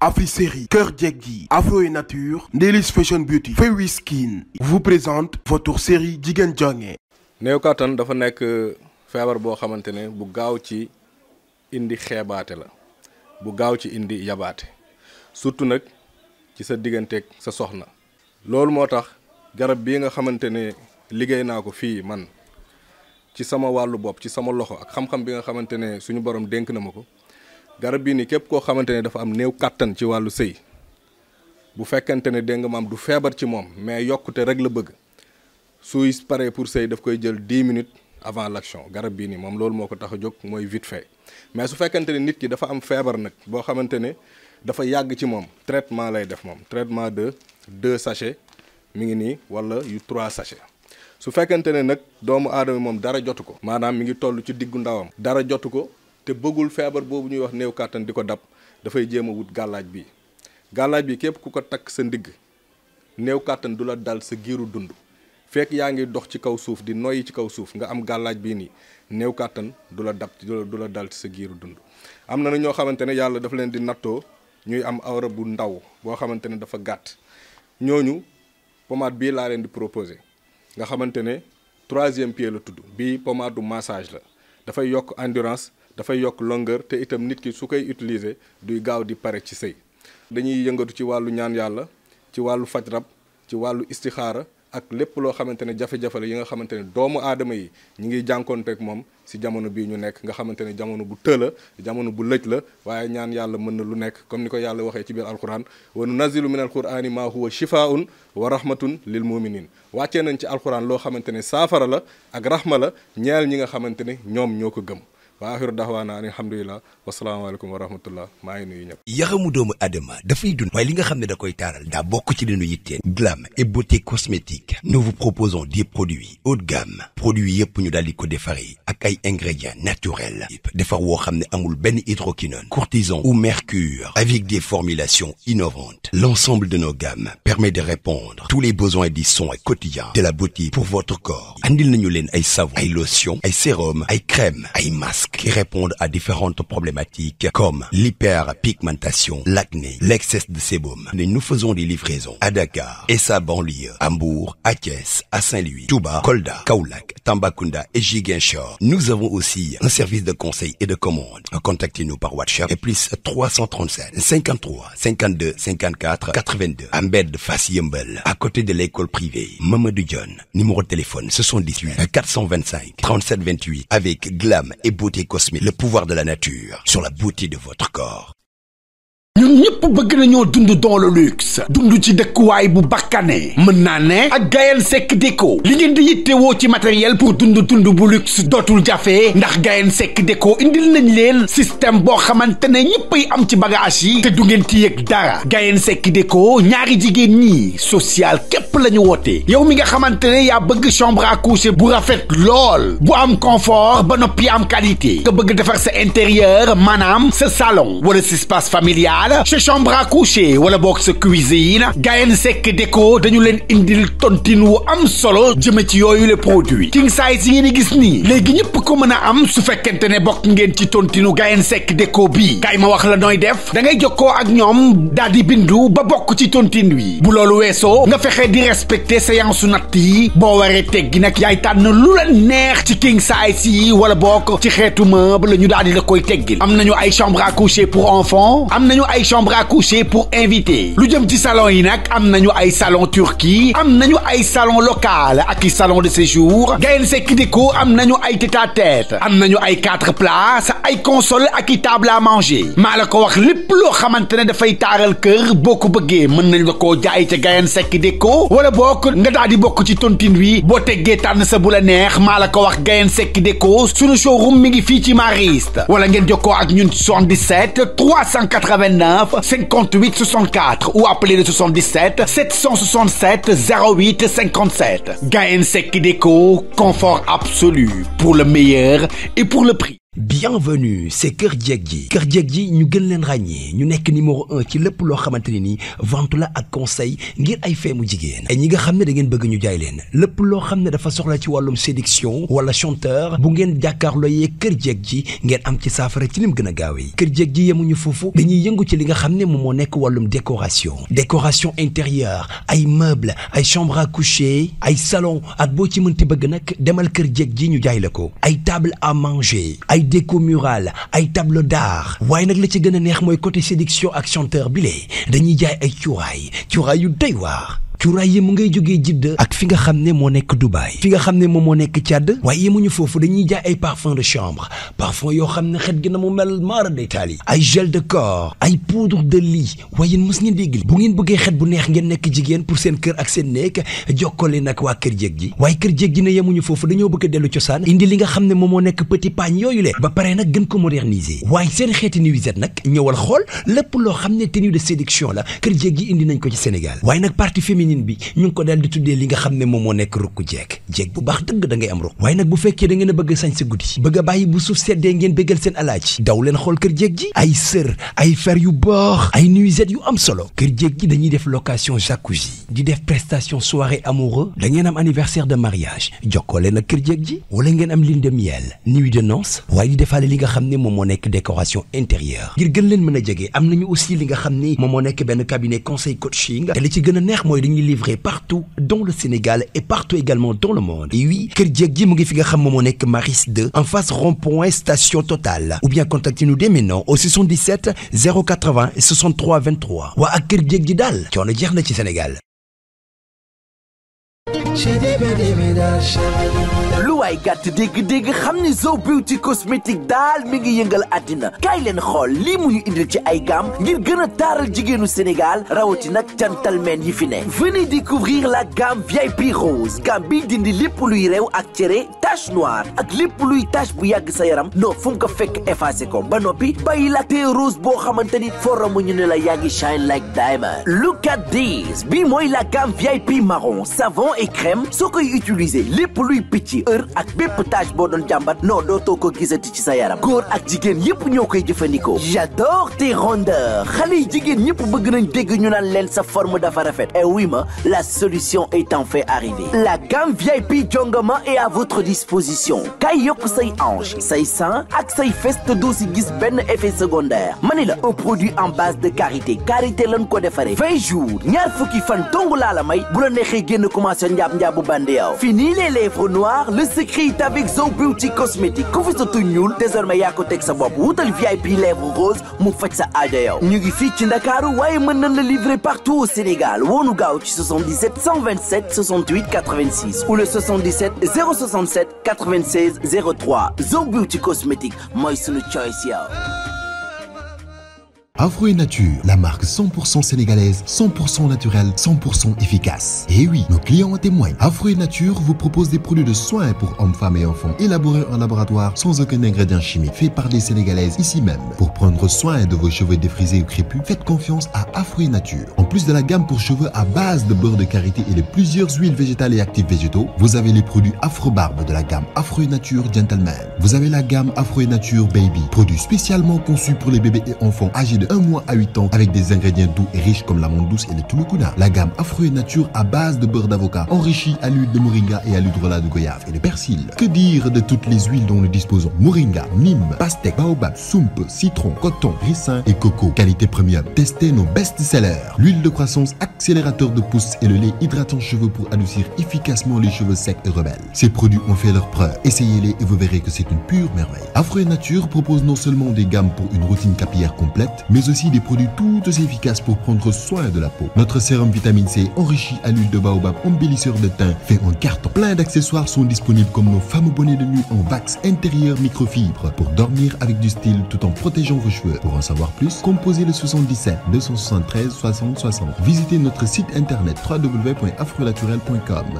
Afri-Série, Cœur Djeggi, Afro et Nature, Nelis Fashion Beauty, Fewi Skin vous présente votre série Jigéen Jonge. néew kattan dafa nekk feebar boo xamante ne bu gaaw ci indi xeebaate la bu gaaw ci indi yabaate surtout nag ci sa digganteeg sa soxna. loolu moo tax garab bii nga xamante ne liggéey naa ko fii man ci sama wàllu bopp ci sama loxo ak xam-xam bi nga xamante ne suñu borom dénk na ma ko. garab bii nii képp koo xamante ne dafa am néew kàttan ci wàllu sëy bu fekkente ne dégg nga maam du feebar ci moom mais yokkute rek la bëgg suy paree pour sëy daf koy jël dix minutes avant l'action garab bii nii moom loolu moo ko tax a jóg mooy vite fait mais su fekkente ne nit ki dafa am feebar nag boo xamante ne dafa yàgg ci moom traitement lay def moom traitement de deux sachets mi ngi nii wala yu trois sachets su fekkente ne nag doomu aadama moom dara jotu ko maanaam mi ngi toll ci diggu ndawam dara jotu ko te bëggul feebar boobu ñuy wax néew kàttan di ko dab dafay jéem a wut gàllaaj bi gàllaaj bi képp ku ko takk sa ndigg néew kàttan du la dal sa giiru dund fekk yaa ngi dox ci kaw suuf di noyyi ci kaw suuf nga am gàllaaj bii nii néew kàttan du la dab du la dal ci sa giiru dund am na na ñoo xamante ne yàlla dafa leen di nattoo ñuy am awra bu ndaw boo xamante ne dafa gàtt ñooñu pomade bii laa leen di proposé nga xamante ne troisième pied la tudd bii pomade du massage la dafay yokk endurance dafay yokk longueur te itam nit ki su koy utiliser duy gaaw di pare ci say dañuy yëngatu ci wàllu ñaan yàlla ci wàllu faj rab ci wàllu istixaara ak lépp loo xamante ne jafe-jafe la yi nga xamante ne doomu aadama yi ñi ngi jànkoonteek moom si jamono bii ñu nekk nga xamante ne jamono bu të la jamono bu lëj la waaye ñaan yàlla mën na lu nekk comme ni ko yàlla waxee ci biir alquran wa nunazilu min alqurani ma huwa shifaun wa rahmatun lil muminin wàccee nañ ci alquran loo xamante ne saafara la ak rahma la ñi nga xamante ne ñoom ñoo ko gëm wa axiru daxwaana alhamdulilah wasalaamaaleykum wa rahmatullah maa ngi nuyu ñëpp yaxamu doomu adama dafay dund waaye li nga xam ne da koy taaral daa bokk ci leenu yitteel glam et beauté cosmétique nous vous proposons des produits haut de gamme produits yëpp ñu daal di ko defaree ak ay ingrédients naturels yëpp defar woo xam ne amul benn hydroquinone courtisan ou mercure avec des formulations innovantes l'ensemble de nos gammes permet de répondre tous les besoins du soin quotidien de la beauté pour votre corps andil nañu leen ay savon ay lotion ay sérum ay crème ay masque masques qui répondent à différentes problématiques comme l'hyperpigmentation, l'acné, l'excès de sébum. Mais nous faisons des livraisons à Dakar et sa banlieue, Hambourg, à Thiès, à Saint-Louis, Touba, Kolda, Kaolack, Tambacounda et Ziguinchor. Nous avons aussi un service de conseil et de commande. Contactez-nous par WhatsApp et plus 337 53 52 54 82 Ambed Fass Yembel à côté de l'école privée Mamadou Dione numéro de téléphone 78 425 37 28 avec Glam beauté cosmique, le pouvoir de la nature, sur la beauté de votre corps. ñun ñëpp bëgg nañoo dund dans le luxe dund ci dëkkuwaay bu bakkane mën naa ne ak Gayen Seck Déco li ngeen di yittewoo ci matériel pour dund dund bu luxe dootul jafe ndax Gayen Seck Déco indil nañ leen système boo xamante ne ñëppay am ci bagage yi te dungeen ngeen ci yëg dara Gayen Seck Déco ñaari jigéen ñi social képp la ñu woote yow mi nga xamante ne yaa bëgg chambre à coucher bu rafet lool bu am confort ba noppi am qualité nga bëgg defar sa intérieur maanaam sa salon wala sa espace familial. daal sa chambre à coucher wala boog sa cuisine Gayen Seck Déco dañu leen indil tontin wu am solo jëme ci yooyu les produits king size yi ngeen gis nii léegi ñëpp ko mën a am su fekkente ne bokk ngeen ci tontinu Gayen Seck Déco bi kay ma wax la nooy def da ngay jokkoo ak ñoom dal di bindu ba bokk ci tontine wi bu loolu weesoo nga fexe di respecter séance su natt yi boo waree teggi nag yaay tànn lu la neex ci king size yi wala bokk ci xeetu meuble ñu daal di la koy am nañu ay chambre à pour enfants ay chambre à coucher pour invité lu jëm ci salon yi nag am nañu ay salon Turquie am nañu ay salon local ak i salon de séjour Gayen Sekideco am nañu ay tête à tête am nañu ay quatre places ay console ak i table à manger maa la ko wax lépp loo xamante ne dafay taaral kër boo ko bëggee mën nañu la koo jaay ca Gayen Sekideco wala bokk nga daal di bokk ci tontine wi boo teggee tànn sa bula la neex maa la ko wax Gayen Sekideco sunu showroom mi ngi fii ci Mariste wala ngeen jokkoo ak ñun 77 89 58 64 ou appelez le 77 767 08 57. Gaël Sec Déco, confort absolu pour le meilleur et pour le prix. bienvenue c'est Kër Jeeg ji Kër Jeeg ji ñu gën leen ràññee ñu nekk numéro un ci lépp loo xamante ne ni vente la ak conseil ngir ay feemu jigéen ñi nga xam ne da ngeen bëgg ñu jaay leen lépp loo xam ne dafa soxla ci wàllum séduction wala chanteur bu ngeen jàkkaarloo yee Kër Jeeg ji ngeen am ci saafara ci lim gën a gaawee Kër Jeeg ji yemuñu foofu ñuy yëngu ci li nga xam ne moom moo nekk wàllum décoration décoration intérieure ay meubles ay chambre à ay salon ak boo ci mënti bëgg nag demal Kër Jeeg ji ñu jaay ko ay table à manger ay déco murale ay tableau d'art waaye nag la ci gën a neex mooy côté séduction ak chanteur bi lee dañuy jaay ay cuuraay cuuraay yu doy waar cuuraay yi mu ngay jógee jidda ak fi nga xam ne moo nekk Dubaay fi nga xam ne moom moo nekk Tchad waaye yemuñu foofu dañuy jaay ay parfum de chambre parfum yoo xam ne xet gi na mu mel maara day taal yi ay gel de corps ay poudre de lit waaye yéen mës ngeen dégg bu ngeen bëggee xet bu neex ngeen nekk jigéen pour seen kër ak seen néeg jokkale nag waa kër jéeg ji waaye kër jéeg ji ne yemuñu foofu dañoo bëgg dellu cosaan indi li nga xam ne moom moo nekk petit pagne yooyu le ba pare nag gën ko moderniser waaye seen xeeti nuisette nag ñëwal xool lépp loo xam ne tenue de séduction la kër jéeg ji indi nañ ko ci Sénégal sëriñin bi ñu ngi ko daal di tuddee li nga xam ne moom moo nekk rukku jeeg jeeg bu baax dëgg da ngay am rukk waaye nag bu fekkee da ngeen a bëgg sañ sa guddi bëgg a bàyyi bu suuf seddee ngeen bëggal seen alaaji daw xool kër jeeg ji ay sër ay fer yu baax ay nuisette yu am solo kër jeeg ji dañuy def location jacuzzi di def prestation soirée amoureux da ngeen am anniversaire de mariage jokkoo leen ak kër jeeg ji wala ngeen am lune de miel de noces waaye di li nga xam ne moom moo ngi livré partout dans le Sénégal et partout également dans le monde et oui kër jéeg ji mu ngi fi nga xam moom Maris 2 en face rond-point station Total ou bien contactez-nous dès au 77 080 63 23 waa ak kër jéeg ji daal jeex na ci Sénégal. lu ay gàtt dégg-dégg xam ni Zo ci cosmétique daal mi ngi yëngal àddina kaay leen xool lii mu ñu indil ci ay gamme ngir gën a taaral jigéenu Sénégal rawati nag cantalmeen yi fi ne venez découvrir la gamme VIP rose gamme bi dindi lépp luy réew ak cere tache noire ak lépp luy tache bu yàgg sa yaram non fu nga ko fekk effacé ko ba noppi bàyyi la tey rose boo xamante ni foramu ñu ne la yàgg ngi shine like diamond look at this bi mooy la gamme VIP marron savon et soo koy utiliser lépp luy picc heure ak bépp tâche boo doon jàmbat non dootoo ko gisati ci sa yaram góor ak jigéen yépp ñoo koy jëfandikoo j'adore tes rondeurs xale jigéen ñëpp bëgg nañ dégg ñu naan leen sa forme dafa rafet et eh oui ma la solution est en fait arrivée la gamme VIP Jongama est à votre disposition kay yokk say hanche say san ak say fesse te doo si gis benn effet secondaire mani la un produit en base de karité karité lan ko defaree vingt jours ñaar fukki fan dong laa la may bu la neexee commencé njaab njaabu bande le secret est avec Zo Beauty Cosmétique ku fi sa tuñ ñuul désormais yaa ko teg lèvre rose mu faj sa aajo yow ñu ngi fii ci Ndakaaru waaye mën nañ la livrer partout au Sénégal woonu gaaw ci 77 127 68 86 ou le 77 067 96 03 Zo Beauty Cosmétique mooy sunu choice yow Afro et Nature, la marque sénégalaise, naturelle, efficace. Et eh oui, nos clients en témoignent. Afro et Nature vous propose des produits de soins pour hommes, femmes et enfants élaborés en laboratoire sans aucun ingrédient chimique, fait par des Sénégalaises ici même. Pour prendre soin de vos cheveux défrisés ou crépus, faites confiance à Afro et Nature. En plus de la gamme pour cheveux à base de beurre de karité et de plusieurs huiles végétales et actifs un mois à 8 ans avec des ingrédients doux et riches comme l'amande douce et le tulukuna. La gamme Afro et Nature à base de beurre d'avocat enrichie à l'huile de moringa et à l'hydrolat de goyave et de persil. Que dire de toutes les huiles dont nous disposons? Moringa, Nîmes, pastèque, baobab, soumpe, citron, coton, ricin et coco. Qualité premium. Testez nos best-sellers. L'huile de croissance accélérateur de pousse et le lait hydratant cheveux pour pour une mais aussi des produits tout efficaces pour prendre soin de la peau. Notre sérum vitamine C enrichi à l'huile de baobab embellisseur de teint fait un carton. Plein d'accessoires sont disponibles comme nos fameux bonnets de nuit en wax intérieur microfibre pour dormir avec du style tout en protégeant vos cheveux. Pour en savoir plus, composez le 77 273 60 60. Visitez notre site internet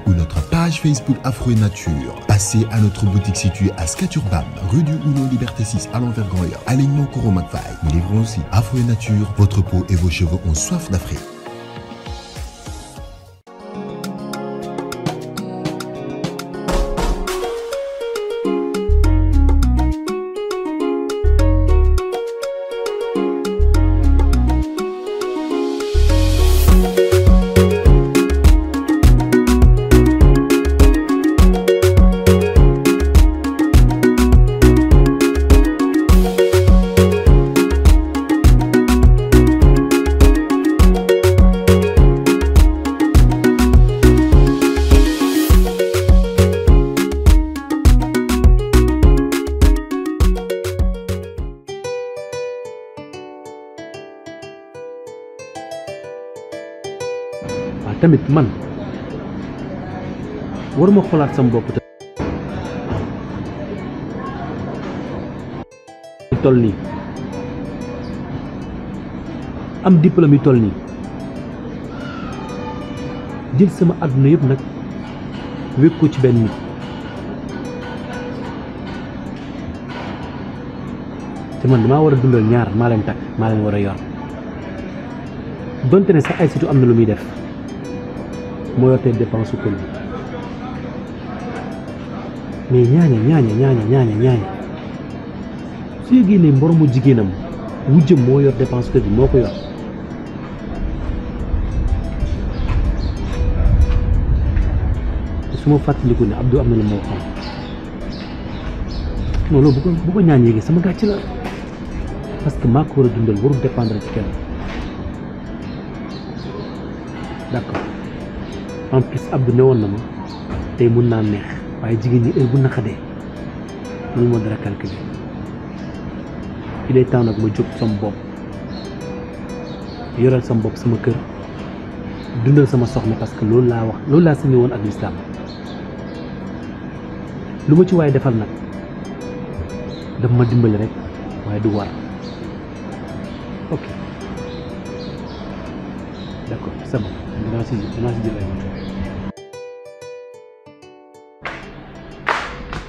ou notre page Facebook Afro et à notre Afro et Nature, votre peau et vos cheveux ont soif d'Afrique. ma sama bopp nii am diplôme yi toll nii jël sama àdduna yëpp nag wékku ci benn nit te man damaa war a dundal ñaar maa leen takk maa leen war a yor donte ne sax ay am na lu muy def moo yor tey dépense su mais ñaaña ñaaña ñaaña ñaaña ñaaña su yëgee ne mboromu jigéenam wujjëm moo yor dépense kër gi moo ko yor su ma fàttaliku ne Abdou am na lu moo xam non loolu bu ko bu ko ñaan yéegee sama gàcc la parce maa ko war a dundal warul dépendre ci kenn d'accord en plus Abdou ne woon na ma tey mun naa neex waaye jigéen ñi heure bu naqadee loolu moo dara calculé il est temps nag ma jóg sama bopp yoral sama bopp sama kër dundal sama soxna parce que loolu laa wax loolu laa signé woon ak lislaam lu ma ci waaye defal nag daf ma dimbali rek waaye du war ok d'accord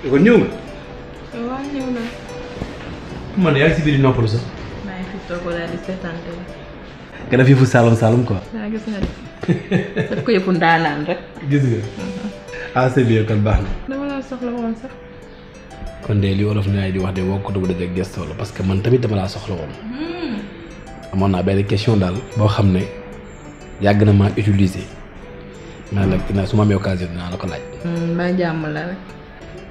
kon ñëw nga. waaw ñëw na. man yaa ngi si biir di noppalu sax. maa ngi Saalum Saalum quoi. waaw gis nga daf ko yëfu ndaanaan rek. gis nga. ah c'est bien kon baax na. kon de li wolof naay di wax de woo ko dama dëgg gëstoo parce que man tamit dama laa soxla woon. Hmm. amoon naa benn question daal boo xam ne yàgg na maa utiliser. ma ne la su ma amee occasion dinaa la ko laaj. Hmm, maa jàmm la rek.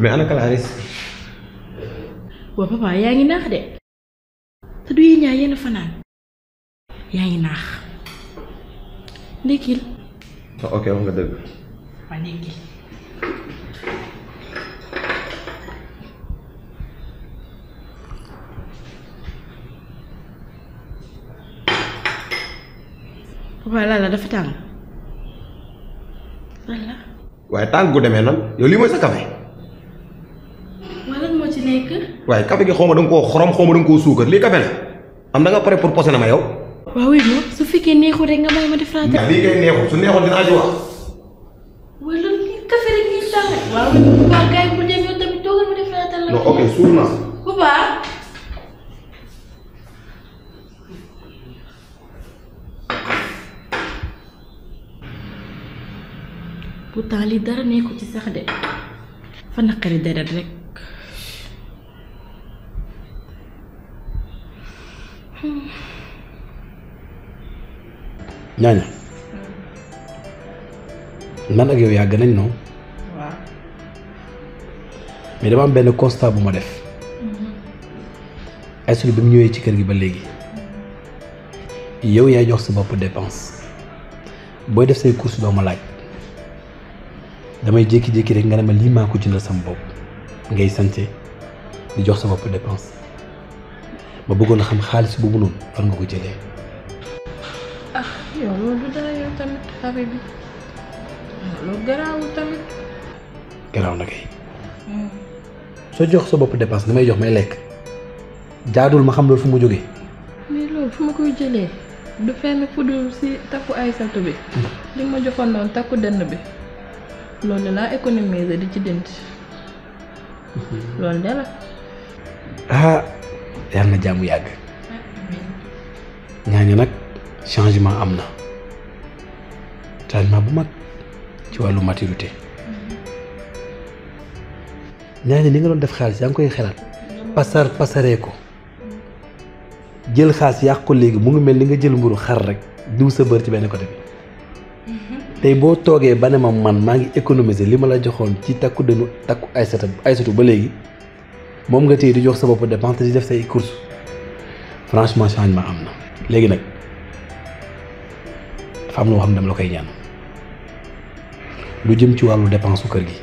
mais ana Clarisse. waaw papa yaa ngi naax de. te du yéen ñaa yéen fanaan. yaa ngi naax. ndekkil. Ah, ok wax nga dëgg. waaw ndekkil. papa lala dafa tàng. waaye tàng gu demee nan yow lii mooy sa café. nekk. waaye café gi xaw ma da nga koo xorom xaw ma da nga koo suukar lii café la am da nga pare pour posé na ma yow. waaw oui non su fekkee neexul rek nga may ma def. ndax la. non suur naa. bu baax. pourtant li dara nekkul ci sax de fa naqari deret rek. ñaaña hmm. man ak yow yàgg nañ non waaw mais dama am benn constat bu ma def hmm. Astou bi mu ñëwee ci kër gi ba léegi hmm. yow yaay jox sa bopp dépense booy def say course doo ma laaj damay jékki-jékki rek nga ne ma lii maa ko jëndal sama bopp ngay sante di jox sa bopp dépense ma bëggoon a xam xaalis boobu noonu fan nga ko jëlee. yow loolu dara yow tamit xarit bi loolu garaawul tamit. garaaw na kay. soo jox sa bopp dépense may jox may lekk jaadul ma xam loolu fu mu jógee. mais loolu fu ma koy jëlee du fenn fu dul takku ay sant bi. li ma joxoon noonu takku dënn bi loolu laa économiser di ci dënt loolu de ah yàlla na jàmm yàgg. ñaañu nag. changement am na changement bu mag ci wàllu maturité ñaari ni nga doon def xaalis yaa ngi koy xelaat pasar pasaree ko jël xaalis yàq ko léegi mu ngi mel ni nga jël mburu xar rek diw sa bër ci benn côté bi tey boo toogee ba ne ma man maa ngi économiser li ma la joxoon ci takku dënu takku aysatu aysatu ba léegi moom nga téye di jox sa bopp dépense di def say course franchement changement am na léegi nag dafa am loo xam ne la koy ñaan lu jëm ci wàllu dépense su kër gi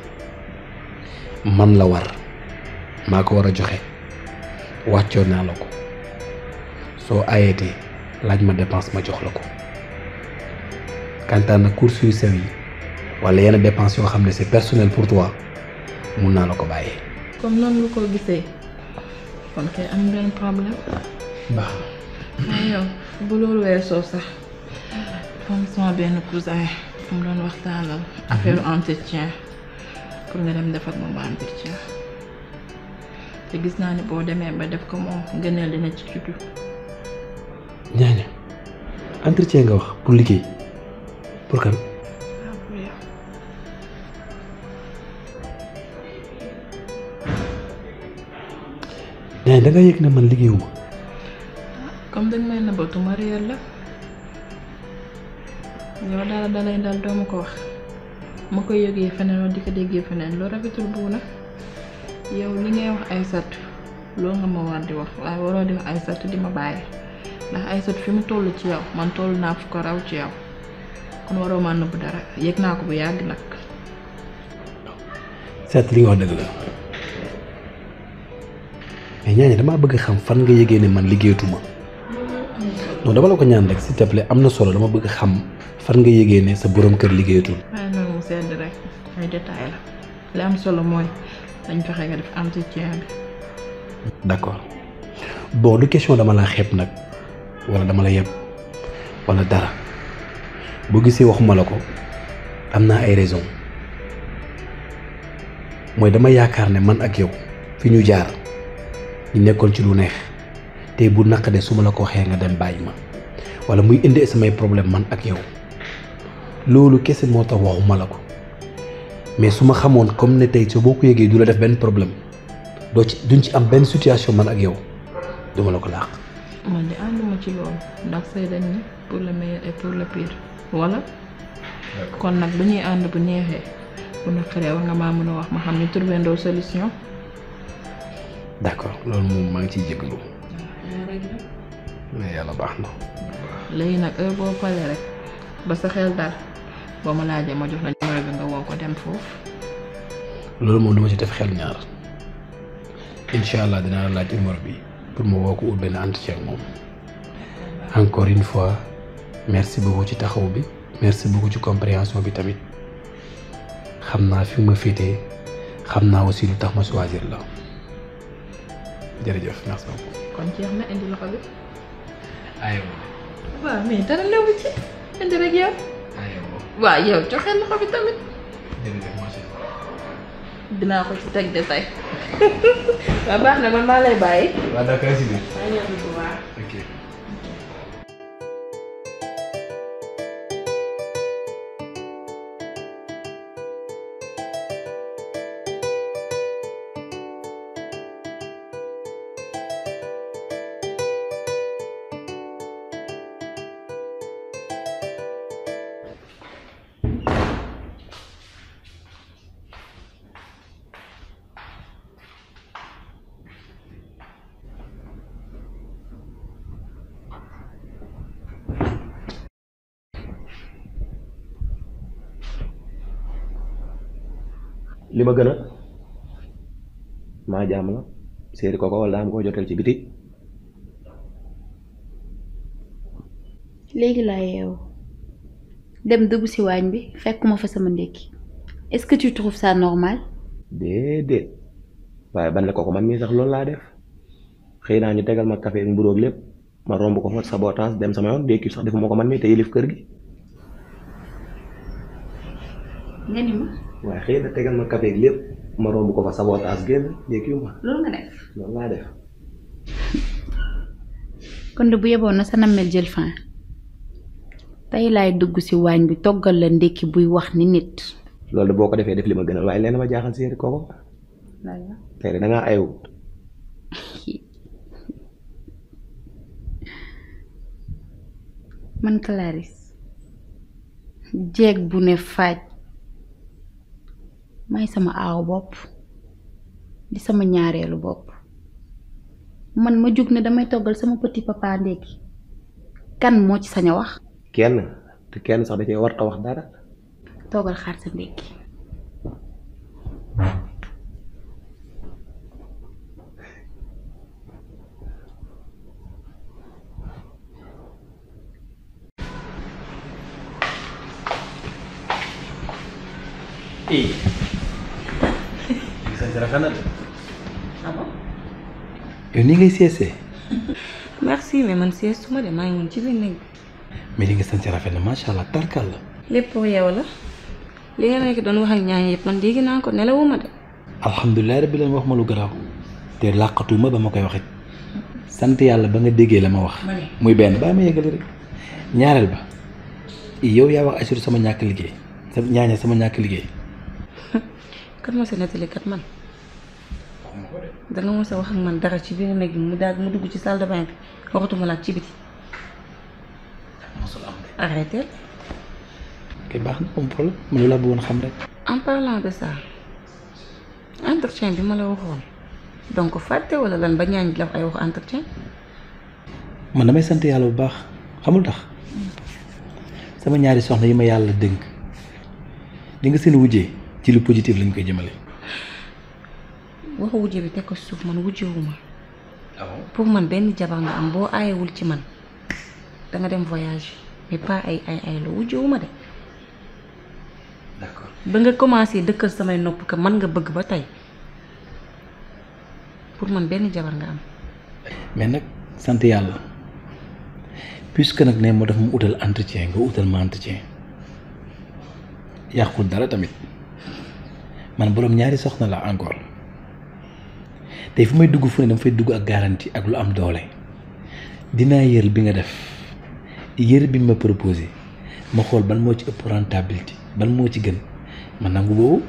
man la war maa ko war a joxe wàccoon naa la ko soo ayetee laaj ma dépense ma jox la ko kantaan na course yu sew yi wala yenn dépense yoo xam ne c'est personnel pour toi mun naa la ko bàyyee. bu loolu weesoo sax. comme sama benn cousin fu doon doon waxtaanal affaire mhm. entretien pour nga dem def ak moom entretien te gis naa ni boo demee ba def ko moom gëneel dina ci juddu ñaaña entretien nga wax pour liggéey pour kan ah, ñaañ da nga ne man liggéeyuma ah, comme dañ may nëbbatu ma réer la yow dara dalay dal doo ma ko wax ma koy yëgee feneen wala di ko déggee feneen loolu rafetul bu na yow li ngay wax ay sat loolu nga ma war di wax waaye waroo di wax ay sat di ma bàyyi ndax ay sat fi mu toll ci yow man toll naa fu ko raw ci yow kon waroo ma nëbb dara yëg naa ko bu yàgg nag. sat li nga wax dëgg la mais ñaaña damaa bëgg xam fan nga yëgee man liggéeyatuma non dama la ko ñaan rek s'il te am na solo dama bëgg xam. far nga yëgee ne sa borom kër liggéeyatul. waaye nag li am solo mooy dañ fexe nga def entretien bi. d'accord bon du question dama la xeeb nag wala dama la yeb walla dara boo gisee waxuma la ko am naa ay raison mooy dama yaakaar ne man ak yow fi ñu jaar ñu nekkoon ci lu neex te bu naqadee su ma la ko waxee nga dem bàyyi ma wala muy indi samay problème man ak yow. loolu kese moo tax waxuma la ko mais su ma xamoon comme ne tey soo boo ko yëgee du la def benn problème doo ci duñ ci am benn situation man ak yow duma la ko laax. man de ànduma ci loolu ndax say dañ pour le meilleur pour le pire wala. kon nag bu ñuy ànd bu neexee bu naqaree war nga maa mën a wax ma xam ne trouvé ndoo solution. d'accord loolu moom maa ngi ciy jégalu. mais yàlla baax na. léegi nag heure rek ba sa xel daal. boo ma laajee ma jox la numéro bi nga woo ko dem foofu. loolu moom dama ci def xel ñaar incha allah dinaa la laaj numéro bi pour ma woo ko ut benn entretien moom encore une fois merci beaucoup ci taxaw bi merci beaucoup ci compréhension bi tamit xam naa fi ma féetee xam naa aussi lu tax ma choisir la jërëjëf merci beaucoup. kon jeex na indi loxo bi. aywa. waaw mais dara lewu ci indi rek yow. waaw yow joxe loxo bi tamit. dinaa ko ci teg de tey. waaw baax na man maa lay bàyyi. waaw d'accord si biir. li ma gën a maa jaam la séeri ko ko daa am koo jotel ci biti léegi laa yeewu dem dugg si waañ bi fekkuma fa sama ndékki est-ce que tu trouves ça normal déedéet waaye ban la ko ko man mii sax loolu laa def xëy naa ñu tegal ma café ak mburoog lépp ma romb ko fa sabotage dem sama yoon ndékki sax defuma ko man mii te yilif kër gi nga ni ma waaye xëy na tegal ma café lépp ma romb ko fa sabotage génn léegi nga def loolu laa def. kon de bu yeboon na sa nammel jël fin tey laay dugg si waañ bi toggal la ndékki buy wax ni nit. loolu boo ko defee def li ma gënal waaye leen ma jaaxal séeri kooko. tey de da man Clarisse jeeg bu ne faaj. may sama aaw bopp di sama ñaareelu bopp man ma jug ne damay toggal sama petit papa ndékki kan moo ci sañ a wax kenn te kenn sax da warta wax dara toggal xaar sa ndékki eh. sieste rafet na de. ah yow nii ngay sieste. merci mais man sieste ma de maa ngi woon ci biir néeg bi. mais li nga sant rafet na macha allah tarkal la. lépp yow la li nga nekk doon wax ak ñaar yëpp man dégg naa ko nelawuma de. alhamdulilah rabbi wax ma lu garaaw te làqatuma ba ma koy waxit yàlla ba nga déggee la ma wax. muy benn baa ma yëgale rek ñaareel ba yow yaa wax assur sama ñàkk liggéey sa ñaaña sama ñàkk liggéey. kan ma sa nettali kat man. da nga mos a wax ak man dara ci biir néeg bi mu daal mu dugg ci salle de bain bi waxatuma ci biti. mosul am baax na am problème mu la bëggoon xam rek. en parlant de ça entretien bi ma la waxoon donc fàtte wala lan ba ñaañ la ay wax entretien. man damay sant yàlla bu baax xamul tax sama ñaari soxna yi ma yàlla dënk di nga seen wujjee ci lu positif lañ koy jëmale. waxu wujje bi teg ko suuf man wujjewuma ah pour man benn jabar nga am boo aayewul ci man da nga dem voyage mais pas ay ay ay la de ba nga commencé dëkkal samay nopp que man nga bëgg ba tey pour man benn jabar nga am mais nag sant yàlla puisque nag ne moo def mu utal entretien nga utal ma entretien yàqul dara tamit man borom ñaari soxna la encore tey fu may dugg fu ne dama fay dugg ak garantie ak lu am doole dinaa yër bi nga def yére bi ma proposé ma xool ban moo ci ëpp rentabilité ban moo ci gën ma nangu boobu.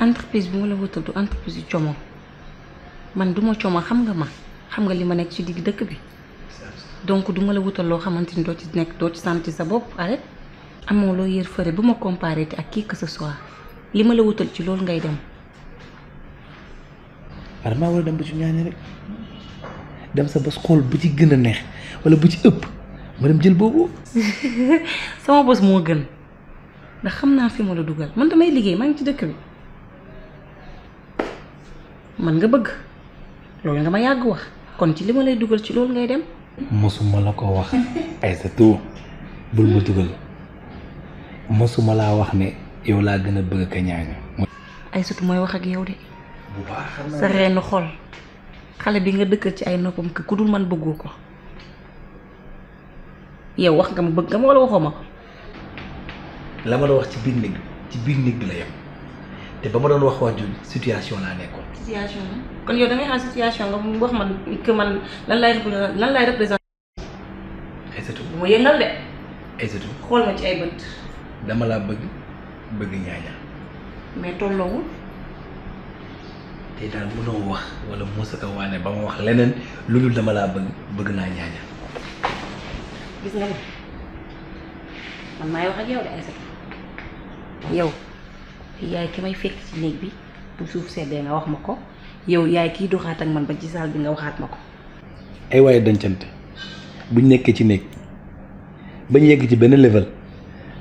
entreprise bi ma la wutal du entreprise yu como man du ma como xam nga ma xam nga li ma nekk ci digg dëkk bi donc du ma la wutal loo xamante ni doo ci nekk doo ci sant sa bopp arrête amoo loo yër fëre bu ma comparé te ak kii que ce li ma la wutal ci loolu ngay dem. waaye damaa war a dem bu ci ñaani rek dem sa bos xool bu ci gën a neex wala bu ci ëpp ma dem jël boobu. sama bos moo gën ndax xam naa fi ma la dugal man damay liggéey maa ngi ci dëkk bi man nga bëgg loolu nga ma yàgg wax kon ci li ma lay dugal ci loolu ngay dem. mosuma la ko wax Aïssatou bul ma dugal mosuma laa wax ne yow laa gën a bëgg ka ñaañu. Aïssatou mooy wax ak yow de. bu baax sa reenu xol xale bi nga dëkkal ci ay noppam ki ku dul man bëggoo ko yow wax nga ma bëgg nga ma walla waxoo ma ko la ma wax ci biir néeg ci biir néeg bi la yem te ba ma doon wax wax jooju situation laa nekkoon situation la kon yow da ngay xam situation nga wax man que man lan lay lan lay représenté Aïssatou bu ma yëngal de Aïssatou xool ma ci ay bët dama laa bëgg bëgg ñaañaa mais tolloowul tey daal mënoo wax wala mosaka waane ba ma wax leneen lu dul dama laa bëgg bëgg naa ñaaña gis nga li man maay wax ak yow de Aïssatou yow yaay ki may fekk ci néeg bi bu suuf seddee nga wax ma ko yow yaay kiy doxaat ak man ba ci saal bi nga waxaat ma ko ay waaye dencante buñ nekkee ci néeg bañ yegg ci benn level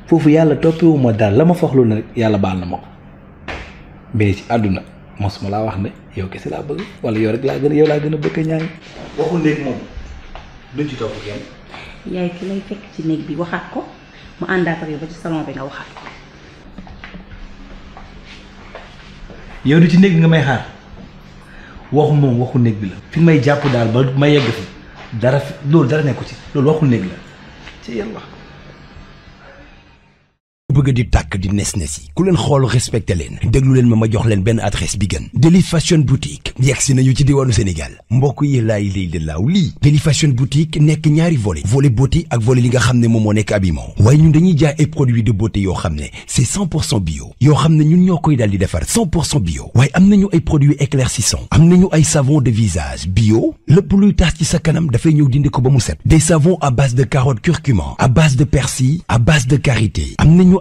foofu yàlla toppiwu ma daal la ma foxlu na rek yàlla baal na ma ko mais ci àdduna mosuma laa wax ne yow kese laa bëgg wala yow rek laa gën a bëgg a ñaan. waxul néeg moom duñ ci topp kenn. yaay ki lay fekk ci néeg bi waxaat ko mu àndaat ak yow ba ci salon bi nga waxaat ko. yow du ci néeg bi nga may xaar waxu moom waxu néeg bi la. fi may jàpp daal ba ma yegg fi dara loolu dara nekku ci loolu waxu néeg la bëgg di tàkk di nes nes yi ku leen xool respecté leen déglu leen ma ma jox benn adresse bi Deli Fashion Boutique yegg nañu ci diwaanu Sénégal mbokk yi laay liy di laaw lii Deli Fashion Boutique nekk ñaari volet volet beauté ak volet li xam ne moom moo nekk habillement waaye ñun dañuy jaay ay produits de beauté yoo xam ne c'est cent pour cent bio yoo xam ne ñun ñoo koy daal defar cent pour am nañu ay produits éclaircissants am nañu ay savon de visage bio lépp luy tax ci sa kanam dafay ñëw dindi ko ba mu set des savons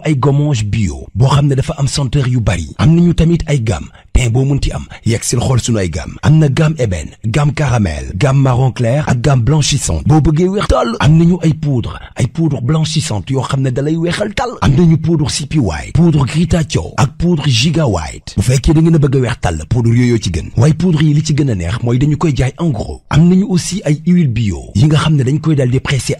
ay gommage bio boo xam ne dafa am senteur yu bari am nañu tamit ay gamme teint boo munti am yegg sil xool sunu ay gamme am na gamme ébène gamme caramel gamme marron clair ak gamme blanchissante boo bëggee weex tàll am nañu ay poudre ay poudre blanchissante yoo xam ne dalay weexal tàll am nañu poudre sipi white poudre Grita ak poudre Giga bu fekkee da ngeen a bëgg a weex tàll yooyu ci gën waaye poudre yi li ci gën a neex mooy dañu koy jaay en gros am nañu aussi ay huile bio yi nga xam ne dañ koy daal di pressé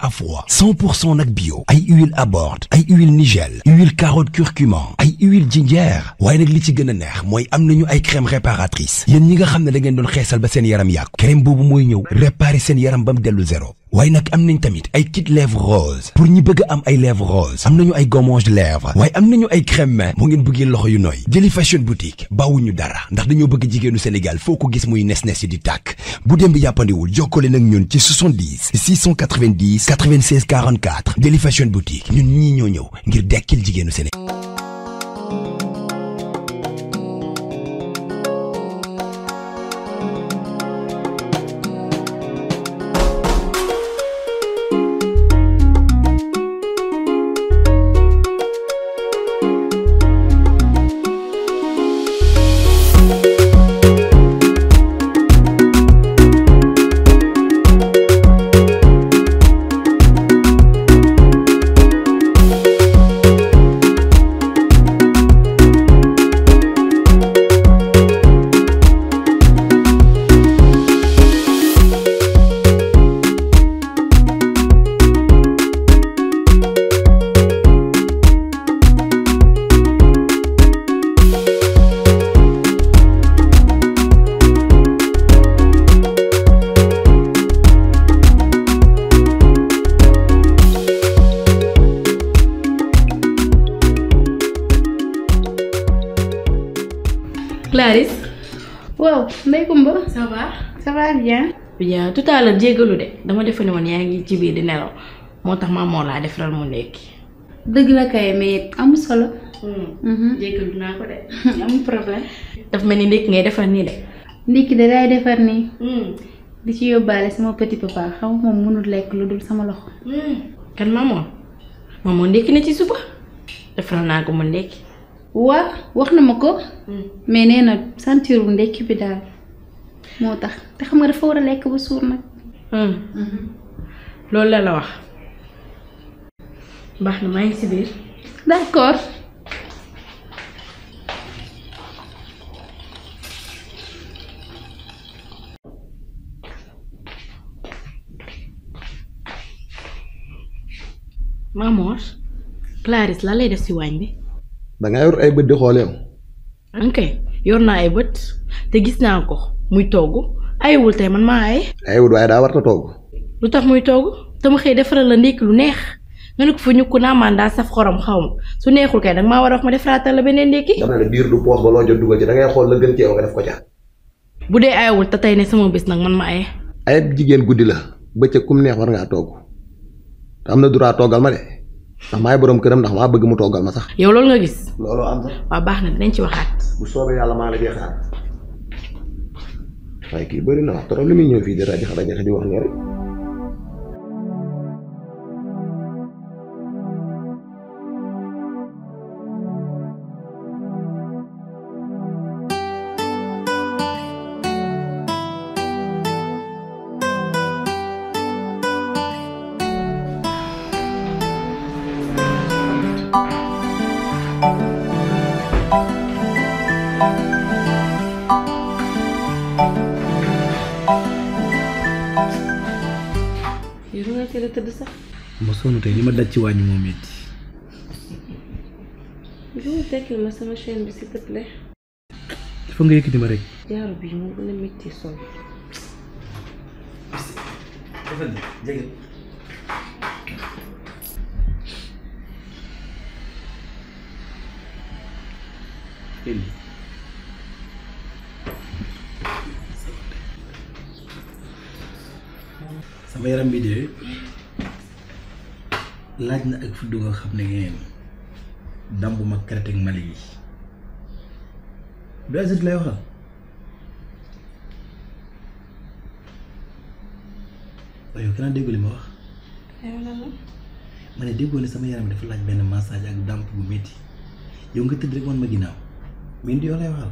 nañu ay crème réparatrice yéen ñi nga xam ne da ngeen doon xeesal ba seen yaram yàqu crème boobu mooy ñëw réparer seen yaram ba mu dellu zéro waaye nag am nañ tamit ay kit lèvre rose pour ñi bëgg am ay lèvre rose am nañu ay gommage lèvre waaye am nañu ay crème main moo ngeen bëggee loxo yu nooy jëli fashion boutique bawuñu dara ndax dañoo bëgg jigéenu Sénégal foo ko gis muy nes-nes yi di tàkk bu dem bi yàppandiwul jokkale nag ñun ci 70 690 96 44 jëli fashion boutique ñun ñii ñoo ñëw ngir dekkil jigéenu Sénégal Clarisse. waaw Ndeye Comba. ça va ça va bien. bien tout à de dama defe ne woon yaa ngi ci biir di nelaw moo tax maam moo laa defaral mu nekki. dëgg la kay mais am solo. Hmm. Mhm. jégalu mel ni ndékki ngay defar nii de. ndékki de daay defar nii. Hmm. di ci yóbbaale sama petit papa xam moom mënul lekk lu dul sama loxo. Hmm. kan maam moom moom moo ndékki na ci suba defaral naa ko mu ndékki. waa wax na ma ko. Hmm. mais nee na santiiru ndekki bi daal moo tax te xam nga dafa war a lekk ba suur nag. Hmm. Hmm. loolu la la wax. baax na maa ngi si biir. d'accord. Mamor. Clarisse la lay def ci waañ bi. da ngaa yor ay bët di xoolee am. yor naa ay bët te gis naa ko muy togg ayewul tey man maa aye. ay waaye war a togg. lu tax muy togg te mu xëy defaral la ndékki lu neex nga ne ko fa ñu ko saf xorom xaw ma su neexul kay danga maa war a wax ma defaraatal la beneen ndékki. dama ne biir du poos ba loo jot dugal ci da bu dee ayewul te tey ne sama bés nag man ma aye. ayeb jigéen guddi la bëccëg kum neex war ngaa togg te am na droit toggal ma de. ndax maay borom këram ndax maa bëgg mu toggal ma sax. yow loolu nga gis. loolu am na. waaw baax na dinañ ci waxaat. bu soobee yàlla maa la koy waaye kii bari na wax li muy ñëw fii dara di rajo rajo di wax nii rek. yow da ngaa tëdd sax. ma sonn tey li ma daj ci wàññi moo métti. yow tekkil ma sama chaîne bi s'il te plaît. dafa nga yëkkati ma rek. jaaro bi moo gën a métti sol. xam yaram bi de laaj na ak fudd nga xam ne ngeen damb ma Crete ak Mali bi Aziz lay waxal waaye yow kenn déggu li ma wax ne déggoo sama yaram dafa laaj benn massage ak damp bu métti yow nga tëdd rek wan ma ginnaaw mais ndi yow lay waxal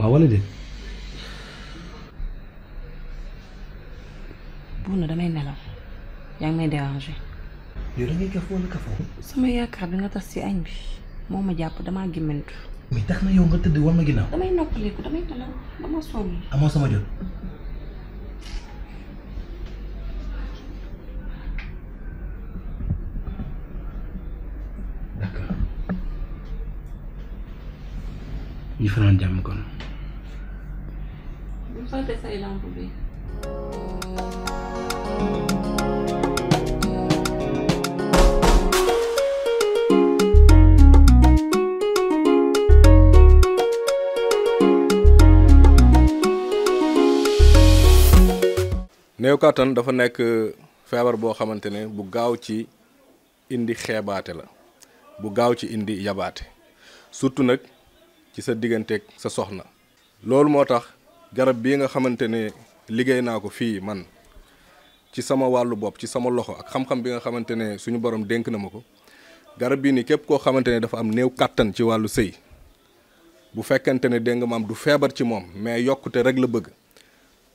waaw wala déet. buuna damay nelaw yaa ngi may déranger. yow da ngay kaf kafoo. sama yaakaar bi nga tas ci añ bi moo ma jàpp damaa gémmantu. mais tax na yow nga tëdd war ma ginnaaw. damay noppaleeku damay nelaw dama sonn. amoo sama jot. d'accord. jàmm kon. new say kàttan dafa nekk feebar boo xamante ne bu gaaw ci indi xeebaate la bu gaaw ci indi yabaate surtout nag ci sa digganteeg sa soxna loolu moo tax garab bii nga xamante ne liggéey naa ko fii man ci sama wàllu bopp ci sama loxo ak xam-xam bi nga xamante ne suñu borom dénk na ma ko garab bii nii képp koo xamante ne dafa am néew kàttan ci wàllu sëy bu fekkente ne dégg nga maam du feebar ci moom mais yokkute rek la bëgg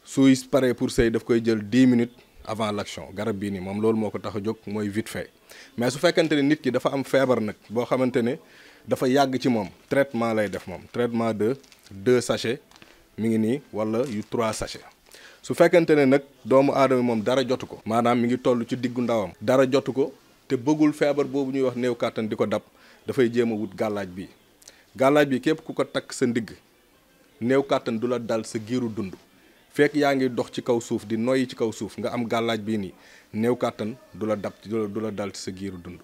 suy paree pour sëy daf koy jël 10 minutes avant l'action garab bii nii moom loolu moo ko tax a jóg mooy vite fait mais su fekkente ne nit ki dafa am feebar nag boo xamante ne dafa yàgg ci moom traitement lay def moom traitement de deux sachets mi ngi nii walla yu trois sachets su fekkente ne nag doomu aadama moom dara jotu ko maanaam mi ngi toll ci diggu ndawam dara jotu ko te bëggul feebar boobu ñuy wax néew kàttan di ko dab dafay jéem a wut gàllaaj bi gàllaaj bi képp ku ko takk sa ndigg néew kàttan du la dal sa giiru dund fekk yaa ngi dox ci kaw suuf di noyyi ci kaw suuf nga am gàllaaj bii ni néew kàttan du la dab du la dal sa giiru dund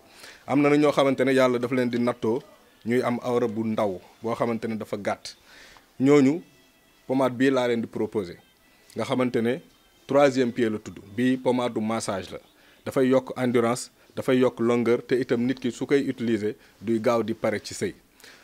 am na na ñoo xamante ne yàlla dafa leen di nattoo ñuy am awra bu ndaw boo xamante ne dafa gàtt ñooñu pommade bii laa leen di proposer nga xamante ne troisième pied la tudd bii pommade du massage la dafay yokk endurance dafay yokk longueur te itam nit ki su koy utiliser duy gaaw di pare ci sëy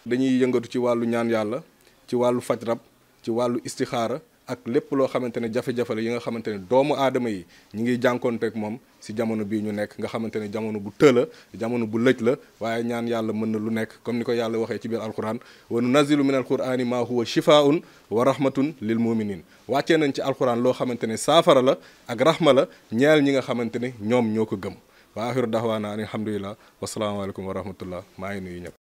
dañuy yëngatu ci wàllu ñaan yàlla ci wàllu faj rab ci wàllu istixaara ak lépp loo xamante ne jafe-jafe la yi nga xamante ne doomu aadama yi ñi ngi jànkoonteek moom si jamono bii ñu nekk nga xamante ne jamono bu la jamono bu lëj la waaye ñaan yàlla mën na lu nekk comme ni ko yàlla waxee ci biir alquran wa nunazilu min alqurani ma huwa shifaun wa rahmatun lil muminin wàccee nañ ci alquran loo xamante ne saafara la ak rahma la ñeel ñi nga xamante ne ñoom ñoo ko gëm wa axiru daxwaana an alhamdulilah wasalaamaaleykum wa rahmatullah maa ngi nuyu ñëpp